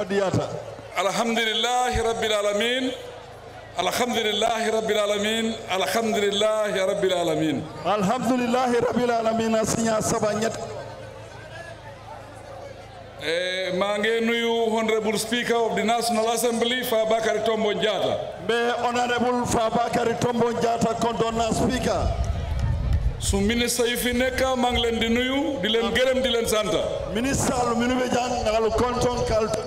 ودياتا الحمد لله رب العالمين الحمد لله رب العالمين الحمد لله رب العالمين الحمد لله رب العالمين اسنيا سبا نيت maa ngi nuyu honorable speaker of the national assembly Fabakary Tombong Jatta be honorable Fabakary Tombong Jatta condona speaker su ministre yi fi nekk maa ngi leen di nuyu di leen gërëm di leen sant ministre lu minu be jang ngalu konton kalto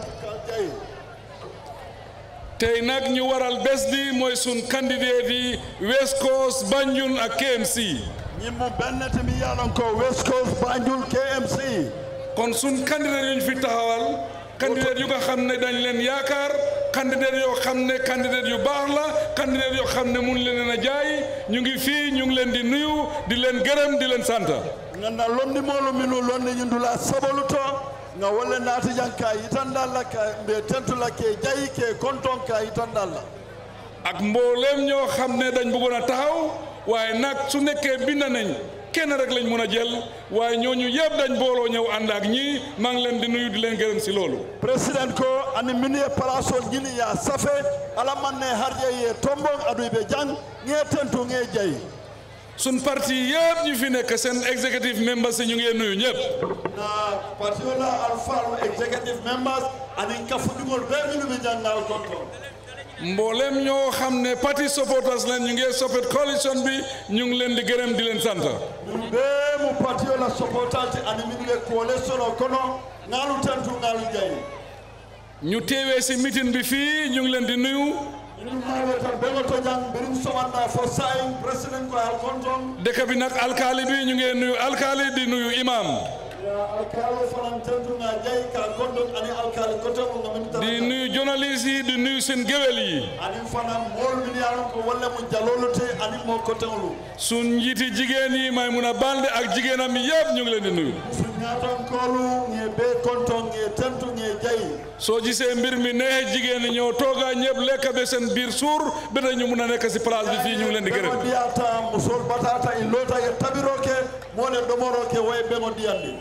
tey nag ñu waral bes bi mooy sun candidate yi West Coast Banjul ak KMC. ñi mu benn tamit mi yàlla ko West Coast Banjul KMC. kon suñ candidate yu ñu fi taxawal. yu nga xam ne dañ leen yaakaar. candidate yoo xam ne candidate yu baax la candidate yoo xam ne mun leen a jaay ñu ngi fii ñu ngi leen di nuyu di leen gërëm di leen sant. nga na londi moolu minu londi ñu ndula sabaluto nga wala naati jan ka yitandal la ka mbe tentu la ke jayi ke konton ka yitandal la ak mbooleem ñoo xam ne dañ bëggoon a taxaw waaye nag su nekkee bind nañ kenn rek lañ mun a jël waaye ñu yëpp dañ booloo ñëw ànd ak ñi maa ngi leen di nuyu di leen gërëm si loolu président ko ani minu ye palasol ñini yaa safe ala man ne harje ye tombong adu be jang ngee tentu ngee jayi suñ parti yëpp ñu fi nekk seen executive members yi ñu ngi nuyu ñëpp. na parti wala alfalu executive members ani kafu dugol be ñu bi jàngal konto mboolem ñoo xam ne parti supporters leen ñu ngi support coalition bi ñu ngi leen di gërëm di leen sant. ñun bee mu parti wala supporters yi ani mi ngi coalition kono ngaalu tantu ngaalu jaay. ñu teewee si meeting bi fii ñu ngi leen di nuyu. dëkk bi nag alkaali bi ñu ngi nuyu alkaali di nuyu imam di nuyu journaliste yi di nuyu seen géwél yi suñ njiiti jigéen yi may a Balde ak jigéenam yëpp ñu leen di nuyu soo gisee mbir mi neexee jigéen ñi ñëw toogaa ñëpp lekk be seen biir suur bi ñu mun a nekk si place bi fii ñu leen di gërëm mbiyata musol batata in loota e tabiroo ke moo ne domooroo ke way bengo ndiyandi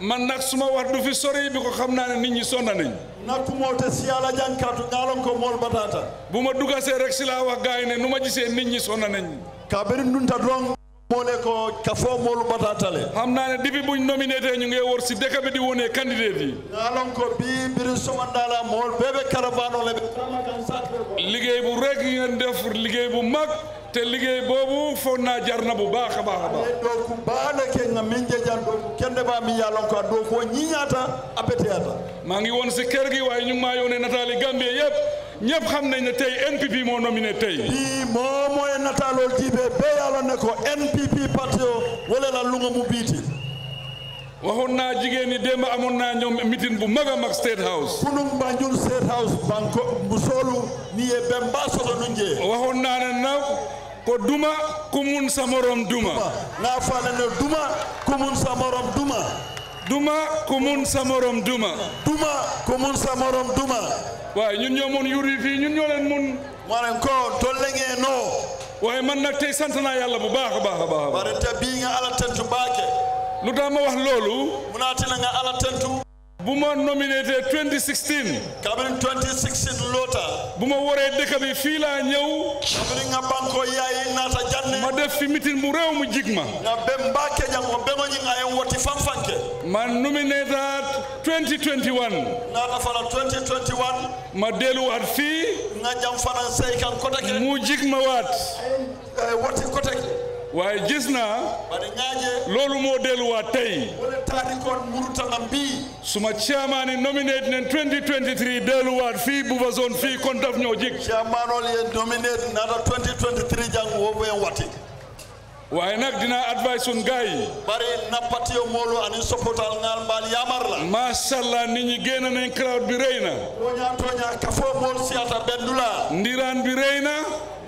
man nag ma wax du fi sori bi ko xam naa ne nit ñi sonn nañ nattumoote si yàlla jànkaatu ngaalon ko mool batata bu ma see rek si laa wax gars yi ne nu ma gisee nit ñi sonn nañ ka beri ta dong mole ko ka fo molu batatale xam naa ne depuis buñ nominaté ñu ngi wër si dëkk bi di wone candidate yi alon ko bi biri somandala mol bébé caravano le liggéey bu rek ngeen def liggéey bu mag te liggéey boobu foog naa jar na bu baax a baax a baax donc baale ke nga min maa ngi woon si kër gi waaye ñu ngi maa yónnee nataali Gambie yëpp ñëpp xam nañ ne tey NPP moo nominé tey. bii moo mooy nataaloo jiibee bee yàlla ne ko NPP parti o wala la lu nga mu biiti. waxoon naa jigéen ñi démb amoon naa ñoom meeting bu mag a mag State House. kunun Banjul State House banko musoolu ni ye benn mbaa soto nu njee. waxoon naa ne na ko duma ku mun sa morom duma. naa faa ne ne duma ku mun sa morom duma. duma ku mun sa morom duma. waaye ñun ñoo mën yuri fii ñun ñoo leen mun maren ko tolleŋee noo waaye man nag tey sant naa yàlla bu baax a baax a baax bare te bii nga ala tentu baake lu tax ma wax loolu mu naati na nga ala tentu bu ma nominate 2016 kabiri 2016 loota bu ma waree dëkk bi fii laa ñëw kabiri nga banko yaay naata ma def fi mitin bu rew mu jigma na be mbake jango bengo nyi ngaye woti fanfanke ma nominate 2021 na na fana 2021 ma delu wat fi nga jam fana sey kan kota ke mu jigma wat ay eh, woti kota ke waaye gis naa loolu moo delluwaat tey taari kon murutanga mbii suma chairman i nominate nen 2023 deluwaat fii buva fii kon daf ñoo jik chairman ye nominate nata 2023 jang wo ɓoyen wati waaye nag dina advice sun gars yi bari nappati yo moolu ani soppotal ngal mbaal yamar la mashallah nit ñi génn bi rëy na tooñaa tooñaa kafoo mool siyata bendu ndiraan bi rëy na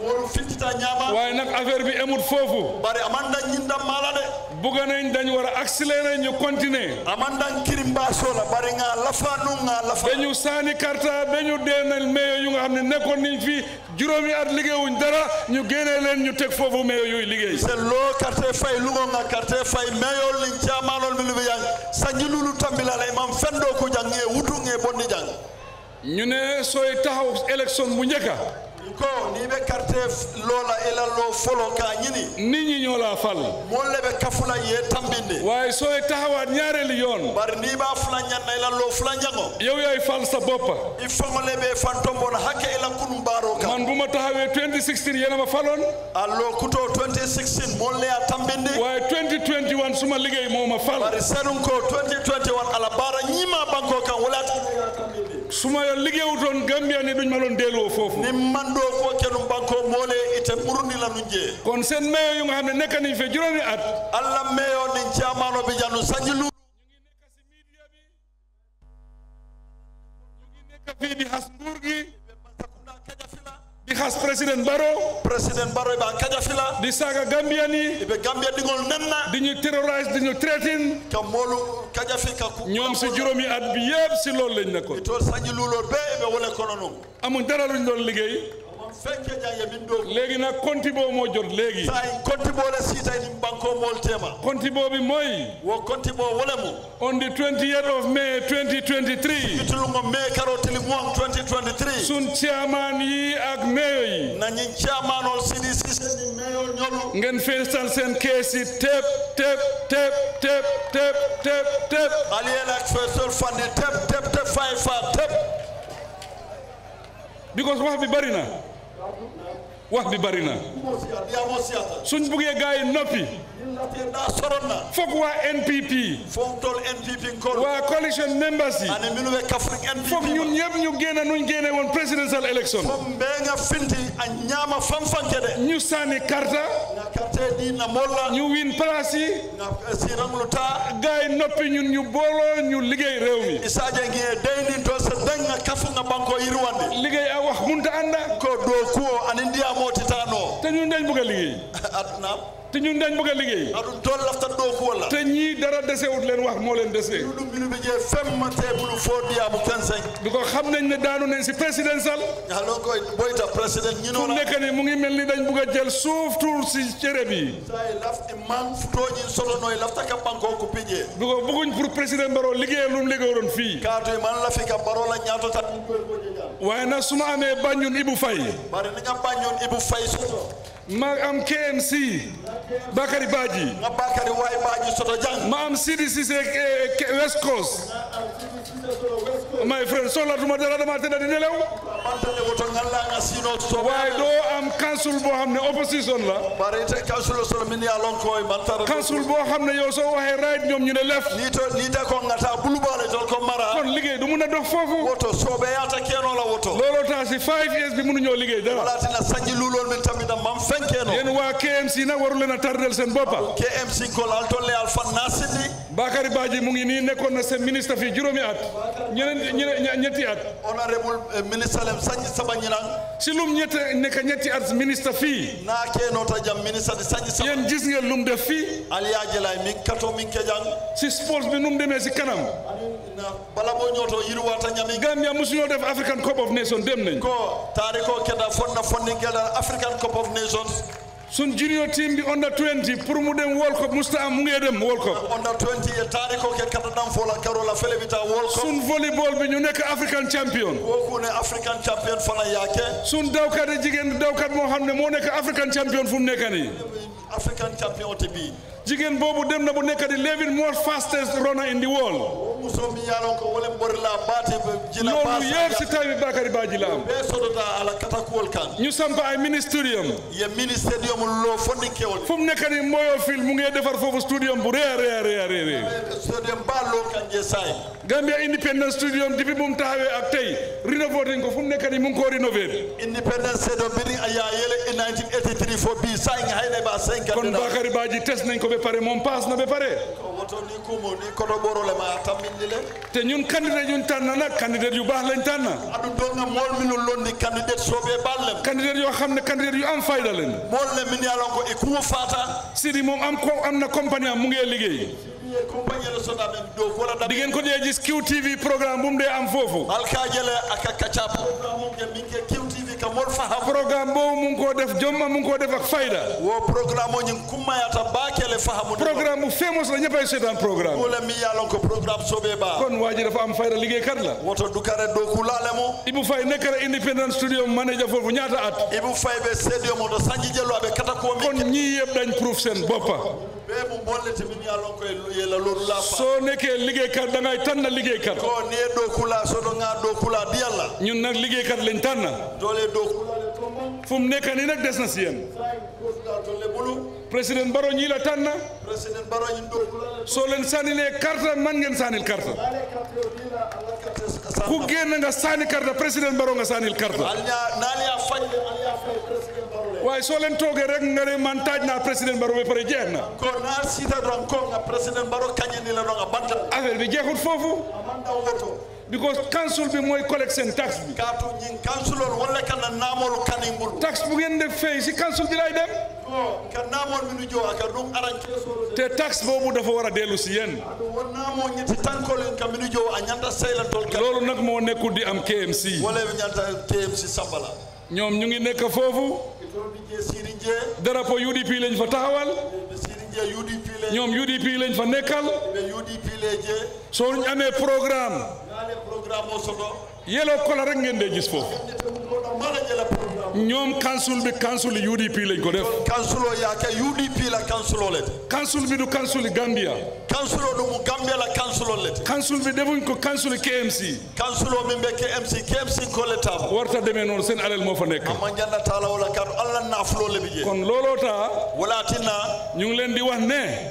moolu fintita ñaama waaye nag affaire bi emut foofu bari amanda ñindam maala de buga nañ dañ war a accélérer ñu continuer amandan kirimbaso la bari nga lafa nu nga lafa be ñu saani karta be ñu deenal meyo yu nga xam ne nekkoon niñ fi juróomi at liggéeyuñ dara ñu génnee leen ñu teg foofu meyo yuy liggéey c'est loo carte fay lugo nga carte fay meyo liñ caamaanol mi lu bi yang sanji lulu tambila lay mam fendo ko jangé wutu ngé bonni jang ñu ne sooy taxaw élection bu njëkka ko n'i bɛ karite lɔ la e la lɔ fɔlɔ k'a ɲini ni ñi ñoo laa fal moolu le bɛ kafula ye tanbin de waaye e ye taxawaat ñaareelu yoon bari n'i b'a fula ɲan na i la fula ɲaŋo yow yaay fal sa boppa i faŋo le be fantombo la hakke i la kunun baaroo kan man bu ma taxawee 2016 yéena ma faloon a loo 2016 moolu le yaa tanbin de waaye 2021 suma liggéey moo ma fal bari senun ko 2021 ala baara ñiima bankoo kan walaati su ma liggéeyutoon Gambia ni duñ ma doon delloo foofu ni man doo fo kenum banko moole ite murni la nu jee kon seen meyo yu nga xam ne nekk nañ fe juróomi at allah meyo ni caamaano bi jannu sañilu president Barrow president Barrow ba kajafila di saga gambian yi be nenna di ñu terrorize di ñu threaten ka molu kajafi ka ku ñoom si juróomi at bi yëpp si loolu lañ ne itol sañi luulool be be wala kono noon amul dara luñ doon liggéey fekke jange min ɗo léegi nag kontibo moo jot léegi sa kontibo le siitay ɗin banko mol tema kontibo bi moy wo kontibo wole mo on the 20th of may 2023 bitulungo may karo tili muang 2023 sun chairman yi ak mayo yi nañin chairman ol cdc señi mayo ñolu ngeen festal seen keesi tep tep tep tep tep tep tep aliyel ak festal fandi tep tep tep fay fa tep because wax bi bari na wax bi bari na suñ buggee gars yi noppi fof waa NPP waa coalition members yi ane minu be ñun ñëpp ñu génn nuñ génne woon presidential election fom a ñaama fam fanke de ñu sànni karta ñu win place yi gaay eh, noppi ñun ñu booloo ñu liggéey réew mi sa danga kafu nga banko yirwande liggéey a wax munta anda ko do kuwo ani ndiya motitano te ñun dañ bëgg a liggéey adna te ñun dañ bëgg a liggéey aɗum toon laftatɗo kuwalla te ñii dara desewut leen wax moo leen dese ɗum mbiɗuɓe je femma xam nañ ne daanu nañ si présidentiel hano koye ɓoyta président ñinoo fu nekk mu ngi mel ni dañ bëgg a jël suuf tuur si cere bi sa e lafti man futoñi sotono e lafta kam banko ko piƴe biko buguñ pour liggéeya lu liggéey lum fii kaatoy man lafi kam Barrow la waaye nag su ma amee Banjul Ibou Faye bari naña Banjul Ibou Faye soto ma am KMC Bakary Badji. ma Bakary waay Badji soto jàng. Eh, West Coast. my friend solatuma dara dama tëdd di Why do i am council boo xam opposition la council boo xam ne yow soo waxee right ñu ne left kon liggéey du five years bi liggéey dara yéen KMC waru mu ngi na ministre at ñeneen ñeneen ñetti at honorable eh, ministre lem sañ saba ñinan si lum ñett nekk ñetti at ministre fii naa keenota jam ministre di sañ saba yéen gis ngeen lum def fii aliyaaji lay min kato min kejang si sports bi num demee si kanam bala moo ñooto yirwata ñami Gambia musuñoo def African Cup of Nations dem nañ ko taari ko keda fonna fonni keda African Cup of Nations sun junior team bi under pour mu dem World Cup musta am mu ngee dem World Cup under sun volleyball bi ñu nekk African champion woku ne African sun dawkat e jigéen dawkat moo xam ne moo nekk African champion fu mu nekk nii African champion bi jigéen boobu dem na bu nekk di eleven most fastest runner in the world loolu yëpp si tay bi Bakary Badji la am ñu samp ay ministerium fu mu nekk nii Mboyo Fil mu ngi defar foofu studium bu rëy a rëy a rëy a rëy a Independence Studium depuis bu mu taxawee ak tey rénové nañ ko fu mu nekk nii mu ngi ko rénové Independence Studium bi ni ayaa yële in 1983 fo bii saa ngi xëy na kon Bakary Badji test nañ ko ba pare moom ma tammindi le te ñun candidat ñun tànn nag candidat yu baax lañ tànn aɗu donga mool minu londi candidat sooɓe ballem candidat yoo xam ne candidat yu am fayda leen mool ne min yalon ko e kumo fata sidi moom am am na compagnie mu ngi liggéey di ko dee gis QTV programme bu dee am foofu te mol faham programme bo mun ko def jomma mun ko def ak fayda wo programme o ñin kummayata baakele fahamu programme famous la ñeppay seetaan programme wala mi yalon ko programme sobe ba kon waji dafa am fayda liggéey kat la woto du kare do ku laale mo ibu fay nekkere independent studio manager foofu ñaata at ibu fay be sedio mo do sanji jelo be kata ko mi kon ñi yeb dañ proof sen boppa soo nekkee liggéeykat dangay tànn liggéeykat. ñun na liggéey lañ tànn. fu mu nekk nii nag des na si yéen. président Baro ñii la tànn. soo leen sànnilee carte man ngeen sànnil carte. ku génn nga sànni carte président Baro nga sànnil carte. waaye soo leen toogee rek nga ne man taaj naa président Barrow ba pare jeex na. ko naa siita doon ko nga président Barrow kañandi la doon nga banta. affaire bi jeexut foofu. because council bi mooy collect seen tax bi. kaatu ñin councilor wala kana naamoolu kaningul. bu ngeen si council bi lay dem. ka naamool nu joo aka ɗum aran te tax boobu dafa war a dellu si yéen won naamoo ñetti tankolen ka mi nu joo a ñanta seylantol ka loolu nag moo nekkul di am KMC wala ñanta KMC ñoom ñu ngi nekk foofu drapeau UDP lañ fa taxawal ñoom UDP lañ fa nekkal soo ñu amee programme yeloo kola rek ngeen dee gis foofu ñoom kansul bi kansul UDP lañ ko def kansulo yaake UDP la kansulo le kansul bi du kansul Gambia kansulo du mu Gambia la kansulo le kansul bi defuñ ko kansul KMC kansulo min be KMC KMC ko le tam warta demee noonu seen alal moo fa nekk ama njanda taala wala kan alla naafulo le bi ñu ngi leen di wax ne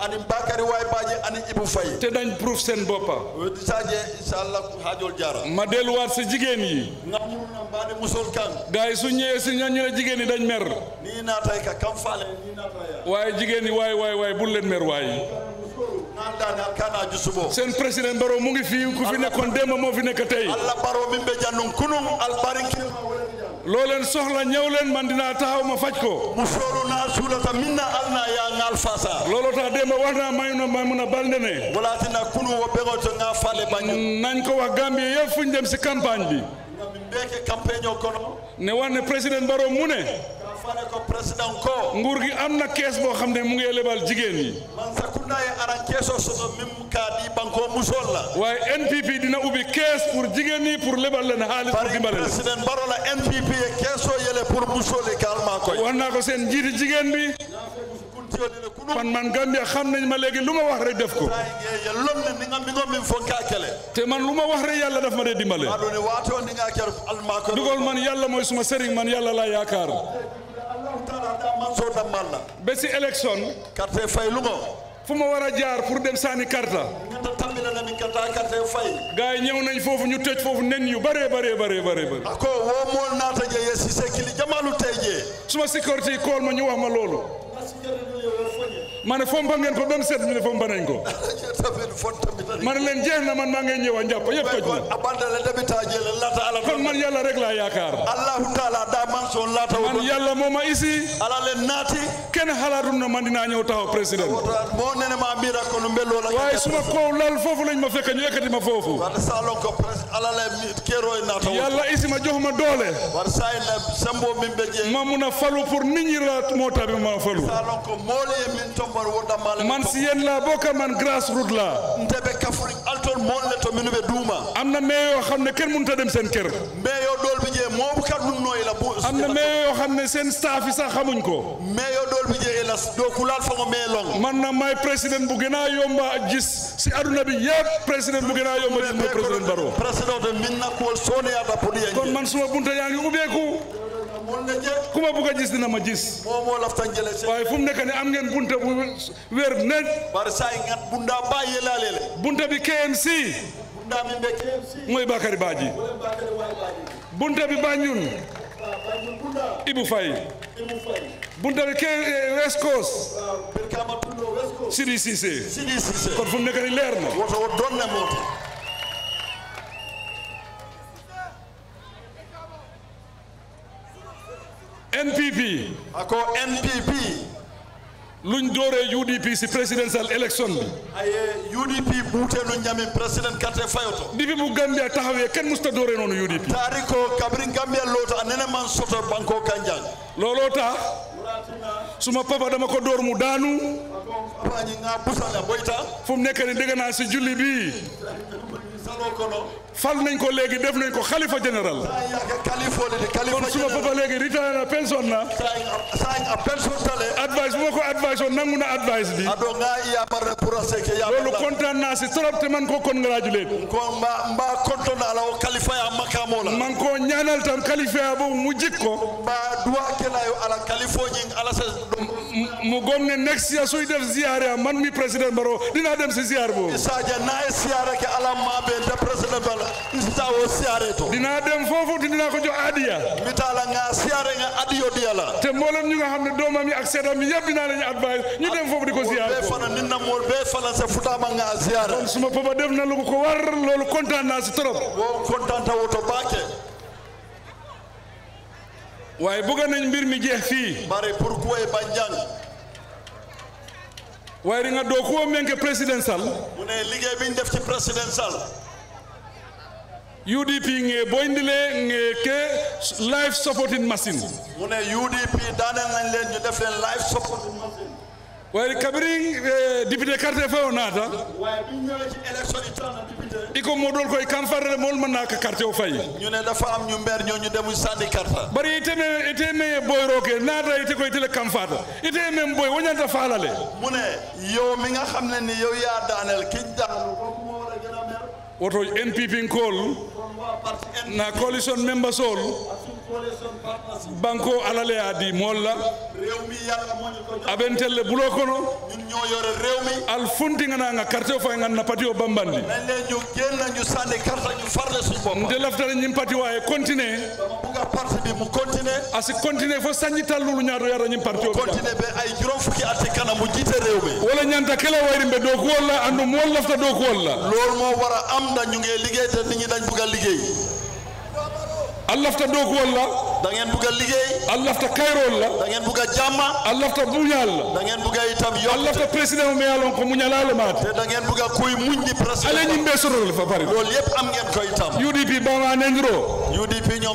ani Bakary waay baaji ani Ibou Faye. te dañ proof seen boppa di saajee ma delluwaat si jigéen yi. nga mu na mbaade musol kan. gars yi su ñëwee si ñan ñu ne jigéen yi dañ mer. waaye jigéen yi waay waay bul leen mer waay. seen président Barrow mu ngi fii ku fi nekkoon démb moo fi nekk tey. allah Barrow min be jannun kunun al loo leen soxla ñëw leen man dinaa taxaw ma faj ko mu soolu naa suulata min na al yaa ŋaal faasa looloo tax démb wax naa may na may mun a balde ne wo bégoo to fale bañu nañ ko wax Gambie yëpp fu ñu dem si campagne bi ne wax ne président Barrow mu ne ma ne ko ko nguur gi am na kees boo xam ne mu ngi lebal jigéen ñi man sakundaye aran keesoo soto mim ka di la waaye NPP dina ubbi kees pour jigéen ñi pour lebal leen xaalis pour dimbale leen président baro la NPP e keesoo yele pour musole kalma koy wan ko seen njiiti jigéen bi man man Gambia xam nañ ma léegi lu ma wax rek def ko te man lu ma wax rek yàlla ma dee dimbale dugal man yàlla mooy suma sëriñ man yalla laa yaakaar anda Mansour ta malla be si élection carte fay lu ngo fu ma war a jaar pour dem saani karta ñata tambila na mi ñëw nañ foofu ñu tëj foofu nen yu bare bare bare bare bare ako ah, woo mool naata je ye si sekkili jamalu tey je suma sécurité yi ma ñu wax ma loolu ma ne fompa ngeen ko ba mu set ñu ne fompa nañ ko. ma ne leen na man maa ngeen ñëwa njàpp yëpp toj na. kon man yàlla rek laa yaakaar. man yàlla moo ma isi. kenn xalaatu na man dinaa ñëw taxaw président. waaye suma kaw lal foofu lañ ma fekk ñu ekkati ma foofu. isi ma jox ma doole. ma mun a falu pour nit moo tax bi ma falu. man si yéen laa bokk man grassroot laa. am na mais xam ne kenn mënut a dem seen kër. am na mais yoo xam ne seen staff yi sax xamuñ ko. man na may président bu gën a yomba a si aduna bi yëpp président bu gën a yomba a gis mooy président Barrow. kon man suma bunta yaa ngi ku ma bugg a gis dina ma gis. waaye fu mu nekk nii am ngeen bunte bu weer ne. bunte bi KMC. mooy Bakary Badji. bunte bi Banjul. Ibu Faye. bunte bi K eh, West Coast. Sidi Cissé. kon fu mu nekk nii leer na. NPP ako NPP luñ doore UDP si presidential election bi aye UDP buutelu ñami president karte fayoto dibi mu gambia taxawé ken musta doore nonu UDP tariko kabri gambia lota anene man soto banko kanjal lolo ta suma papa dama ko door mu daanu fum nekk ni dégg naa si julli bi fal nañ ko léegi def nañ ko xalifa général kon suma papa léegi retire na pension na advice bu ma ko advice o nangu na advice bi loolu kontaan naa si trop te man ko congratulate man ko ñaanal tam xalifa ya boobu mu jikko mu gom ne next year suy def ziyaare man mi président Barrow dinaa dem si ziyaar boobu ne bala nta wo siare to dina dem fofu dina ko jox adiya mi nga siare nga adiyo di yalla te mbolam ñu nga xamne domam yi ak sedam yeb dina lañu advice ñu dem fofu diko siare be fana ni namol be fala sa futama nga siare kon suma papa def na lu ko war lolu content na ci trop wo content ta woto baake waaye bëgg nañ mbir mi jeex fii bare pour kuwe ba nga doo kuwa menke présidential mu ne liggéey def ci présidential UDP nge boyndile nge ke life supporting machine mu ne UDP daaneel nañ leen ñu def leen life supporting machine waaye kabiri eh, député carte fe o naata waaye bi ñëwee ci élection yi tànn député iko moo mën naa ka carte o fay ñu ne dafa am ñu ñoo ñu demu sànni carte bari ite me ite me boy rooke naata ite koy tele kam faata ite men boy wañanta faalale mu ne yow mi nga xam ne ni yow yaa daaneel kiñ daanu ko kuma war a a mer na a members ol banko alale adi molla abentelle bulo kono al funti ngana nga carte o fay ngana pati o bambandi nde laftare ñim pati wa e continuer parti bi mu continuer asi ah, continuer fo sañital lulu ñaato yara ñim parti o continuer be ay juróom fukki atti kana mu jiite réew mi wala ñanta kala wayri mbe do ko wala andu mo lafta loolu moo war a am na ñu liggéey te nit ñi dañ bëgg a liggéey allah lafta do ko da ngeen bugg a liggéey allah ta la da ngeen bugg a jàmma a itam ko muñalale maate te da ngeen bugg a kuy muñ di président ala ñimbe sorol fa bari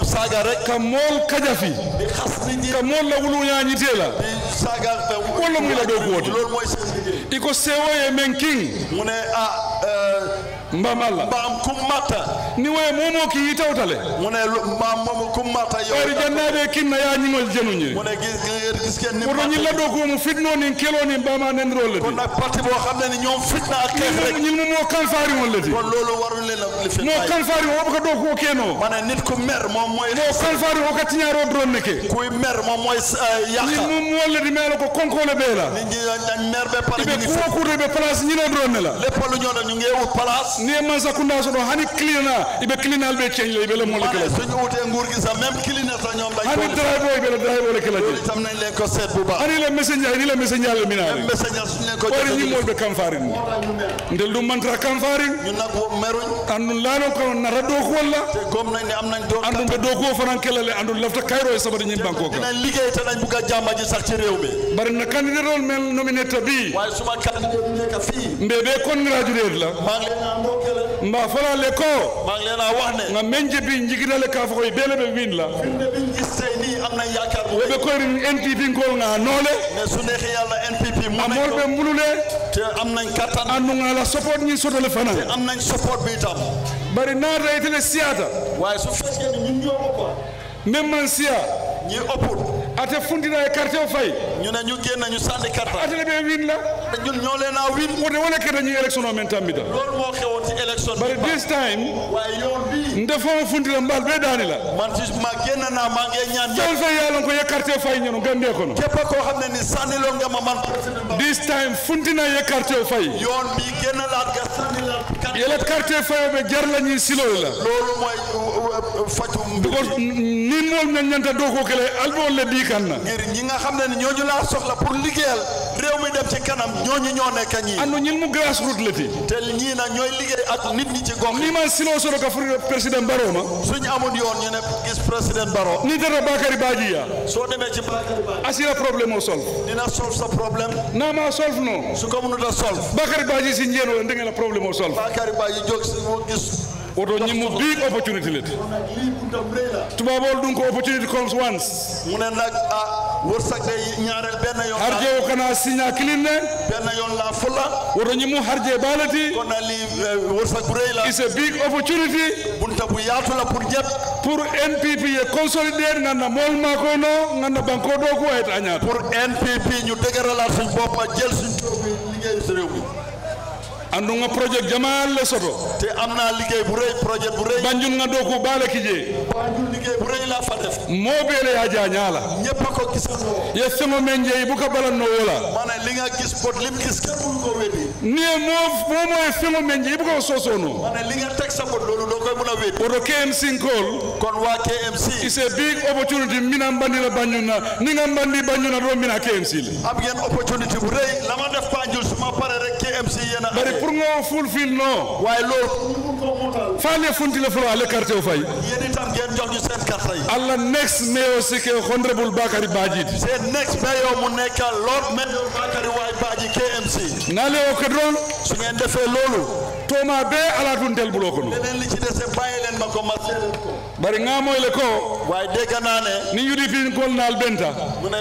saaga rek ka mool kajafi ka mool la wulu ñañi teela di saaga fe wala la doog woote loolu mooy seen liggéey iko sewoye mbaam allah a kummata ni waye momo ki yitawtale mune mbaam momo kummata yo bari jannaɓe kinna ya ñingol jenuñi mune gis ken ni woto ñilla ɗo komo fitno nin kelo nin mbama nendirol lati kon nak parti bo xam ne ni ñoom mo kan faari won wo ko do ko keno mane nit wo ka tiñaro drone neke kuy mer moom mooy yaqa ñil mo mo lati melo ko konkole be la nit be pare ni ko ko be place ñino drone la ni man sakunda soɗo hani clina iɓe clinal ɓe keñle iɓe le molle kela soñu ute nguur gi hani drive o iɓe le drive o le kela je tam nañ leen ko seet bu baax hani le messenger le messenger le minari messenger suñ leen na raddo ko walla te gom nañ ne am nañ do andun ɓe do ko fanan kelale andun lafta kayro e sabade ñin banko ka dinañ liggéey te bari na candidat rol mel nominate bi waaye suma candidat bi nekk la mba a ko maa ngi leen a wax ne nga menje bi njiginale ka fo koy bele be win la finde bi ngissey ni am na yaakaar bu be ko rin NPP ngol nga noole mais su neexee yàlla NPP mu be mulule te am nañ la support ñi sotale fana te bari na raytele siata waaye su fekkee ni ate fundina e carte o fayi ñune ñu génn ñu sànni la ñun ñoo leen a win wode wona kede ñu élection o men tammita loolu moo xewoon daani la man ci ma génn ye carte fayi ñono la yela carte fayo ɓe la ñuy siloy la facum bi ni mool ñan ñanta doo ko kele albool le dii kan na ngir ñi nga xam ne ñooñu laa soxla pour liggéeyal réew mi dem ñoo nekk ñii andu ñin mu grassroot le ti te ñii nag ñooy liggéey ak nit ñi ci gox ni man siloo solo ka fur président Barrow ma suñu amul yoon ñu ne gis président Barrow ni dara Bakary Badji ya soo demee ci Bakary Badji asira problème o solve dina solve sa problème naa maa solve non su ko mënut a solve Bakary Badji si njéenoo ndenge la problème o solve Bakary Badji jóg si moo gis woto ñimmo big opportunity leti tubabool ɗum ko opportunity comes once munen nak a ah, worsagde ñaarel benn yon harje o kana signa kilinne benn yon la fulla woto ñimmo harje baalati kono li eh, worsag bu rëy la is a big opportunity bunta bu yaatula pour jeb pour npp ye consolider ngannda mool ma ko no ngannda banko ɗo ko wayta añaat pour npp ñu dëgëralat suñ bopp jël suñ si réew mi andunga projet jamal le soto te am naa liggéey bu rëy projet bu rëy banjul nga dooku baale kijee banjul liggéey laa fa def moo beele yaa jaañaala ñëpp ko gisandoo ye sengo men jeey bu ka balanno wola ma ne li nga gis bot lim gis kenn mënu moo moo mooy sengo men jeey bu ko soosoonu ma ne li nga teg sa bot loolu doo koy mën a weddi oto KMC nkool kon waa KMC it's a big opportunity mina mbandi la banjul na ni nga mbandi banjul na doo mina KMC le am ngeen opportunity dem si a. bari pour nga fulfil non. waaye loolu. faale funtile fula ale carte o fay. yéen itam ngeen jox ñu seen carte yi. allah next mayor sike honorable Bakary Badjid. seen next o kadron. su ngeen defee loolu. tooma bee ala tun buloo kono. ko ma seedeel ko ko waaye dégg naa ne ni yudifin golnaal benta mune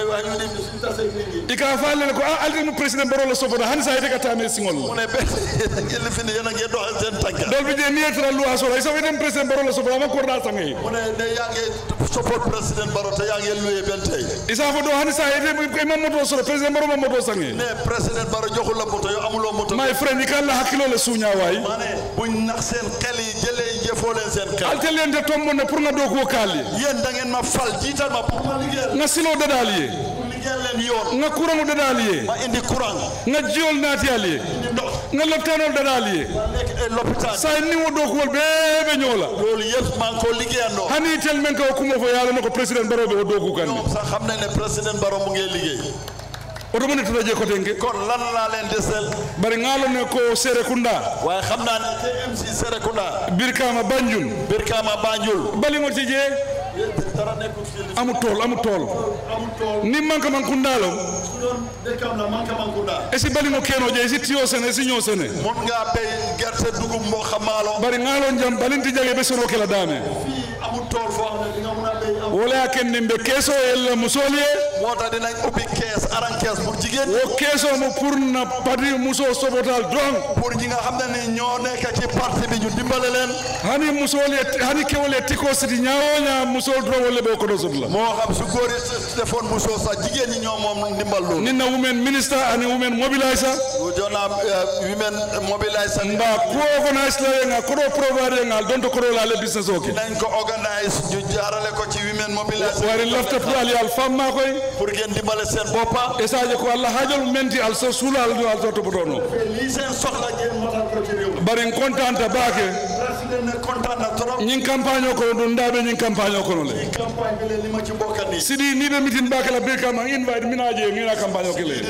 i ka faalel ko a ah, aldin mu président baro la sofoda han sa tega taame siŋol la mune ne yaa nge support président ma moto sange ne président baro i ka la le suuñaa waay mane buñ nax seen xel jëfoo leen seen xel. alte leen de tombo na pour nga doog wokkaal yi. yéen ngeen ma fal jiital ma pour ma liggéeyal. nga siloo dadaal yi. liggéeyal leen yoon. nga kurangu dadaal yi. ma indi kurang. nga jiyool naatiyaal yi. nga ni wo doog wol bee be ñoo la. hani tel men ka o kuma fo yàlla na a président Barrow be o doogu kan. ñoom sax xam nañ ne président Barrow mu ngi liggéey. wo mo nettata je kotenke kono lannalen desel bare ngaalone ko sérékunda way xam naa ne tmc sérékunda birkama banjul birkama banjul baliŋoti a amu tool amu tool ni manque mankunda lo e si baliŋo keno je e si tiyo sene e si ñoo sene mun nga pay gerte dugub mbo xamaalo bari ŋaalo jam balinti jage be sono kela daame amu tool fo wala ya kende mbe keso yella ye moo tax dinañ ubbi kees aran kees pour jigéen wo kees mo pour na parti muso sobotal dong pour ñi a xam ne ñoo nekk ci parti bi ñu dimbale leen hani muso le hani kewle tiko sidi ñaawo ñaa muso dro wala boko do sudla moo xam su góor téléphone muso sa jigéen ñi ñoo moom ndimbal loolu ni na women minister ani women mobilizer na eh, isla nga ko do provide nga don to ko la le business oke nañ ko organize ñu jaarale ko ci women mobilizer wari pour ngeen dimbale seen boppa e sadio ko allah haajol mum menti also suula aldo alto tobotono li seen soxla ngeen matal ko ci réew bari contente baake ñin campagne o kono ɗum ndaɓe ñin campagne o kono le siɗi ni ɓe mitin bakala birkama invite minaje mina campagne o kele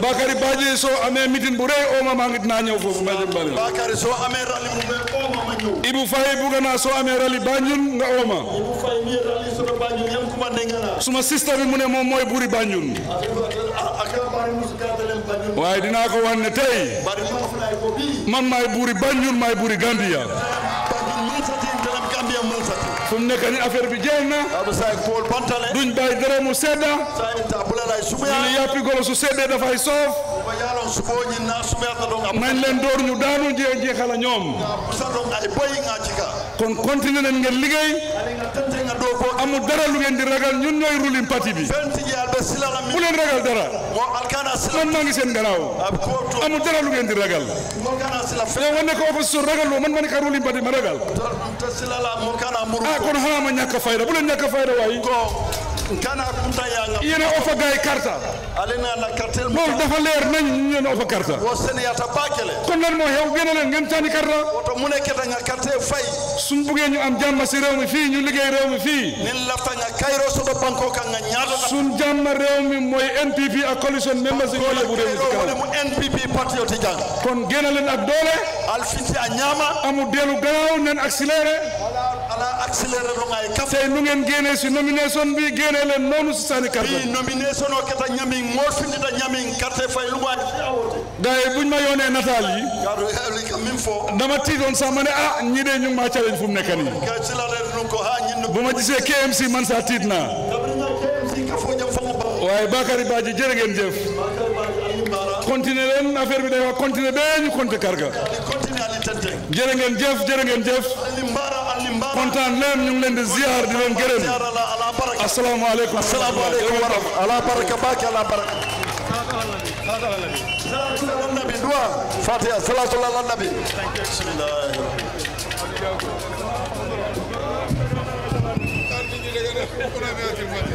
bakary baji so ame mitin ɓuure o mama gitna ñaw fof ma mbali ibu faye bugana so ame rali bañun nga so suma sista bi mu ne moom mooy buri Banjul waaye dinaa ko wax ne tey man maay buri Banjul maay buri Gambia fu mu nekk ni affaire bi jeex na duñ bàyyi dara mu sedda ñu yàppi golo su seddee dafay soof nañ leen door ñu daanu jeexala ñoom kon continué nañ ngeen liggéey amul dara lu di ragal ñun ñooy ruling parti bi bu ragal dara man maa ngi seen gannaaw amul dara lu di ragal yow nga nekk opposition ragaloo man ma nekk ruling parti ma ragal ah kon xanaa ma ñàkk a fayda bu leen fayda waaye kana kunta yanga yena ofa gay karta alena na kartel mo dafa leer ofa karta kon lan mo xew gëna leen ngeen tani karta oto mu nekk ta nga karte fay suñ buggee ñu am jàmm si réew mi fii ñu liggéey réew mi fii nin lafta nga kayro so do banko nga ñaata suñ jàmm réew mi mooy NPP ak coalition members yi ñoo yóbbu réew mi si kanam mu NPP patriotique kon gëna leen ak doole alfinti a ñaama amu delu gaaw nen accéléré xanaa accéléré ɗo ngay kaf tey nu ngeen génnee si nomination bi génnee noonu si sani carte bi o keta ñamin morfindiɗa ñamin carte fay lugaji gars buñ ma yoonee nataal yi gaado hewli ka min dama tiitoon sax ma ne ah ñi dee ñu ngi maa challenge fu mu nekk nii ka silaleen nun ko ha ah, ñin bu ma gisee KMC man sax tiit naa waaye Bakary Badji jërë ngeen jëf continuer leen affaire bi day wax bee ñu compte karga jërë ngeen jëf jërë kontaan leen ñu ngi leen di ziar di leen gërëm asalaamaaleykum asalaamaaleykum wa rahmatulah ala baraka baaki ala baraka salatu ala nabi dua fatiha salatu ala nabi bismillah